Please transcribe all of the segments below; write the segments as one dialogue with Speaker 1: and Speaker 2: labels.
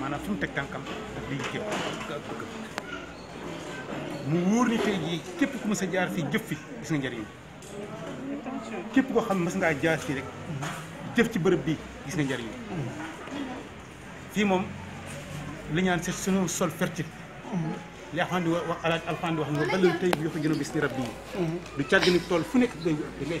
Speaker 1: maanaam fu mu teg tànkam daf lay jëf mu wóor ni tey jii képp ku mës a jaar fii jëf fi gis nga njëriñ képp koo xam ne mës ngaa jaar fii rek jëf ci bërëb bi gis nga njëriñ fii moom li ñaan c'est sunu sol fertile li alxaan di wax alaaj wax nga balal tey bi yoo ko gën a bis ni rab bii mm-hmm. du càgg ni tool fu nekk da ngay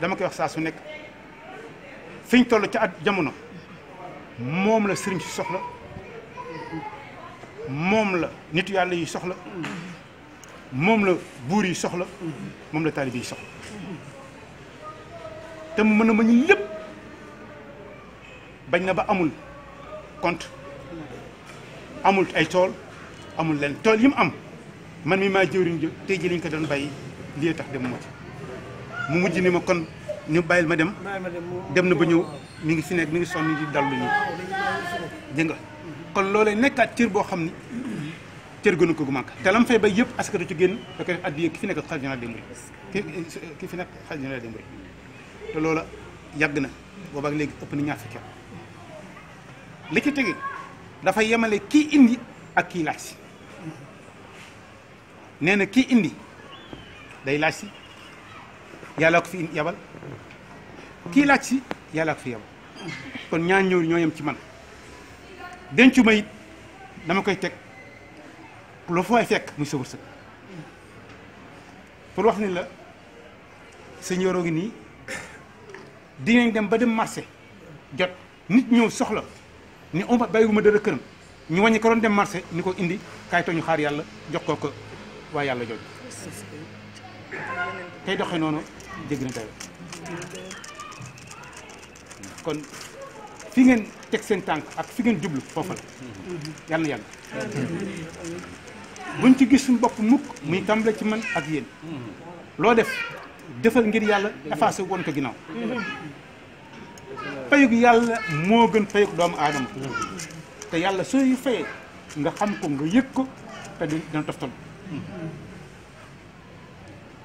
Speaker 1: dama koy wax sa su nek fiñ toll ci at jamono moom la serigne ci soxla mom la nitu yalla yi soxla mom la buur yi soxla mom la taalibe yi soxla te mu mën a mañu lépp bañ na ba amul compte amul ay tool amul len tool yi mu am man mi ma jëwriñ jë tey ji lañ ko don bay li tax dem moo ci mu mujj ni ma kon ñu bàyyil ma dem dem na ba ñëw mi ngi si nekk mi ngi sonn di dallu nii dégg nga kon loolee nekkaat cër boo xam ni cër gënu ko gu màgg te lam fay bay yëpp askan du ci génn da koy def addiya ki fi nekk xalifa général des ki fi nekk xalifa général des mourides yàgg na boobaak léegi ëpp na ñaar fukki li ci tege dafa yemale kii indi ak kii laaj si nee na kii indi day laaj si yalak ko fi yabal ki laaj ci yàlla ko fi yabal kon ñaan ñoo ñoyam ci man dencu may dama koy teg lu fooy fek muy sa pour wax ni la sëñ Yoro ni di ngeen dem ba dem marché jot nit ñëw soxla ni uma bàyyiwuma de rekeur ñu wañi ko dem marché ni ko indi kay toñu xaar yalla jox ko ko wa yalla jox tey doxe noonu jégg na dayo kon fi ngeen teg seen tànk ak fi ngeen jublu foofa la yàlla na yàgg ci gis suñu bopp mukk muy tàmbale ci man ak yéen loo def defal ngir yàlla effacé woon ko ginnaaw payug yàlla moo gën payug doomu aadama te yàlla sooy fayee nga xam ko nga yëg ko te dina toftal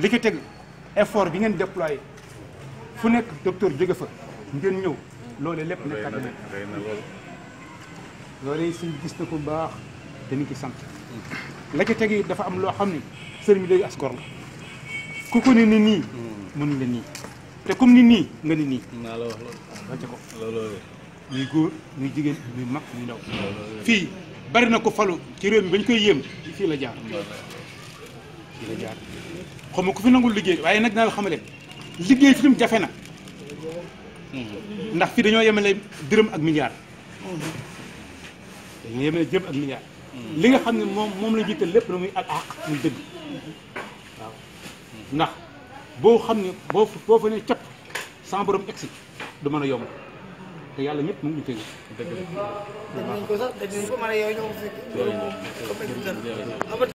Speaker 1: li ko teg effort bi ngeen déployé fu nekk docteur jóge fa ngeen ñëw loolu lépp nekk na loolu suñ gis na ko baax dañu ki sant la ca teg dafa am loo xam ne sëriñ bi léegi askor la ku ko ni nii mën la nii te comme ni nii nga ni nii naa la wax loolu ko loolu góor ñuy jigéen ñuy mag ñuy ndaw fii bari na ko falu ci réew mi ba ñu koy yéem fii la jaar dina jaar xaw ma ku fi nangul liggéey waaye nag daal xamale liggéey fi mu jafe na ndax fii dañoo yemale dërëm ak milliard dañoo yemale dërëm ak milliard li nga xam ne moom moom la jiital lépp na muy ak àq muy dëgg ndax boo xam ne boo boo fa ne cap sans borom egsi du mën a yomb mu ngi